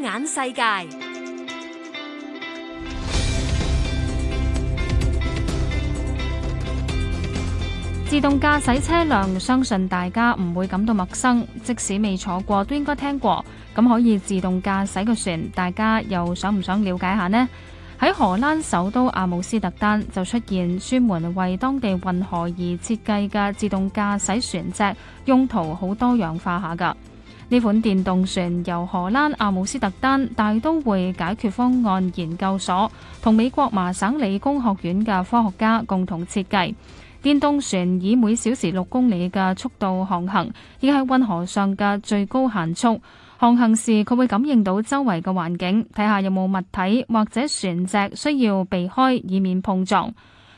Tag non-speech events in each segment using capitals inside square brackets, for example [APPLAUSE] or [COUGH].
眼世界，自動駕駛車輛相信大家唔會感到陌生，即使未坐過都應該聽過。咁可以自動駕駛嘅船，大家又想唔想了解下呢？喺荷蘭首都阿姆斯特丹就出現專門為當地運河而設計嘅自動駕駛船隻，用途好多樣化下㗎。呢款電動船由荷蘭阿姆斯特丹大都會解決方案研究所同美國麻省理工學院嘅科學家共同設計。電動船以每小時六公里嘅速度航行，亦係運河上嘅最高限速。航行時，佢會感應到周圍嘅環境，睇下有冇物體或者船隻需要避開，以免碰撞。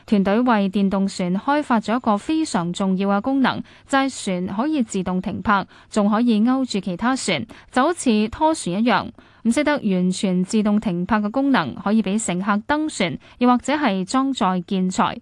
團隊為電動船開發咗一個非常重要嘅功能，就係船可以自動停泊，仲可以勾住其他船，就好似拖船一樣。唔識得完全自動停泊嘅功能，可以俾乘客登船，又或者係裝載建材。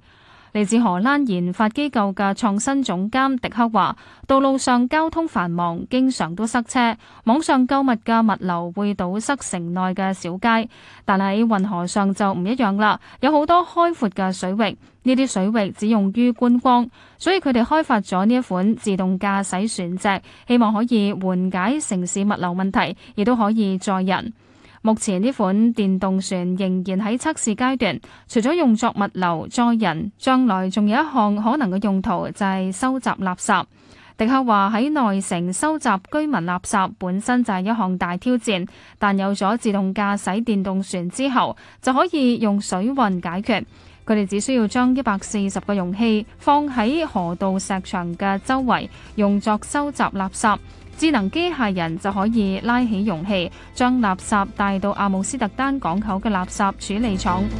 嚟自荷蘭研發機構嘅創新總監迪克話：道路上交通繁忙，經常都塞車；網上購物嘅物流會堵塞城內嘅小街。但喺運河上就唔一樣啦，有好多開闊嘅水域，呢啲水域只用於觀光，所以佢哋開發咗呢一款自動駕駛船隻，希望可以緩解城市物流問題，亦都可以載人。目前呢款電動船仍然喺測試階段，除咗用作物流載人，將來仲有一項可能嘅用途就係收集垃圾。迪克話喺內城收集居民垃圾本身就係一項大挑戰，但有咗自動駕駛電動船之後就可以用水運解決，佢哋只需要將一百四十個容器放喺河道石牆嘅周圍用作收集垃圾。智能機械人就可以拉起容器，將垃圾帶到阿姆斯特丹港口嘅垃圾處理廠。 [NOISE]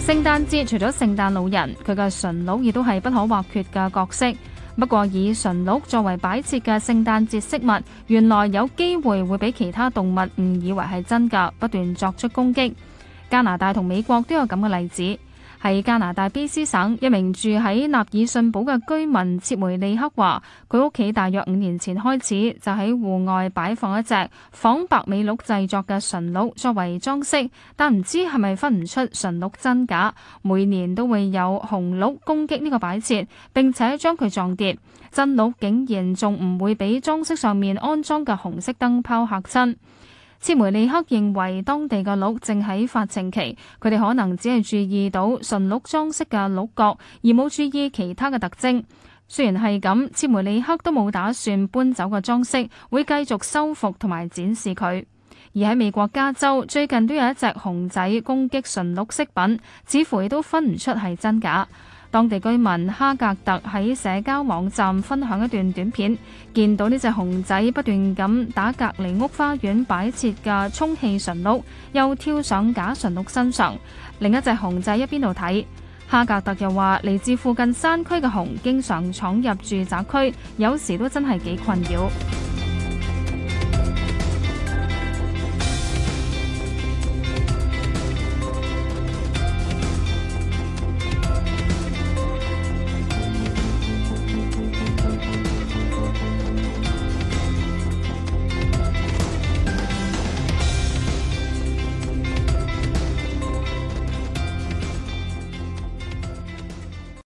聖誕節除咗聖誕老人，佢嘅馴鹿亦都係不可或缺嘅角色。不過，以馴鹿作為擺設嘅聖誕節飾物，原來有機會會俾其他動物誤以為係真㗎，不斷作出攻擊。加拿大同美國都有咁嘅例子。喺加拿大 BC 省一名住喺納爾遜堡嘅居民切梅利克話：佢屋企大約五年前開始就喺戶外擺放一隻仿白尾鹿製作嘅馴鹿作為裝飾，但唔知係咪分唔出馴鹿真假，每年都會有紅鹿攻擊呢個擺設並且將佢撞跌，真鹿竟然仲唔會俾裝飾上面安裝嘅紅色燈泡嚇親。切梅里克認為當地嘅鹿正喺發情期，佢哋可能只係注意到馴鹿裝飾嘅鹿角，而冇注意其他嘅特徵。雖然係咁，切梅里克都冇打算搬走個裝飾，會繼續修復同埋展示佢。而喺美國加州，最近都有一隻熊仔攻擊馴鹿飾品，似乎亦都分唔出係真假。當地居民哈格特喺社交網站分享一段短片，見到呢隻熊仔不斷咁打隔離屋花園擺設嘅充氣馴鹿，又跳上假馴鹿身上。另一隻熊仔一邊度睇，哈格特又話：嚟自附近山區嘅熊經常闖入住宅區，有時都真係幾困擾。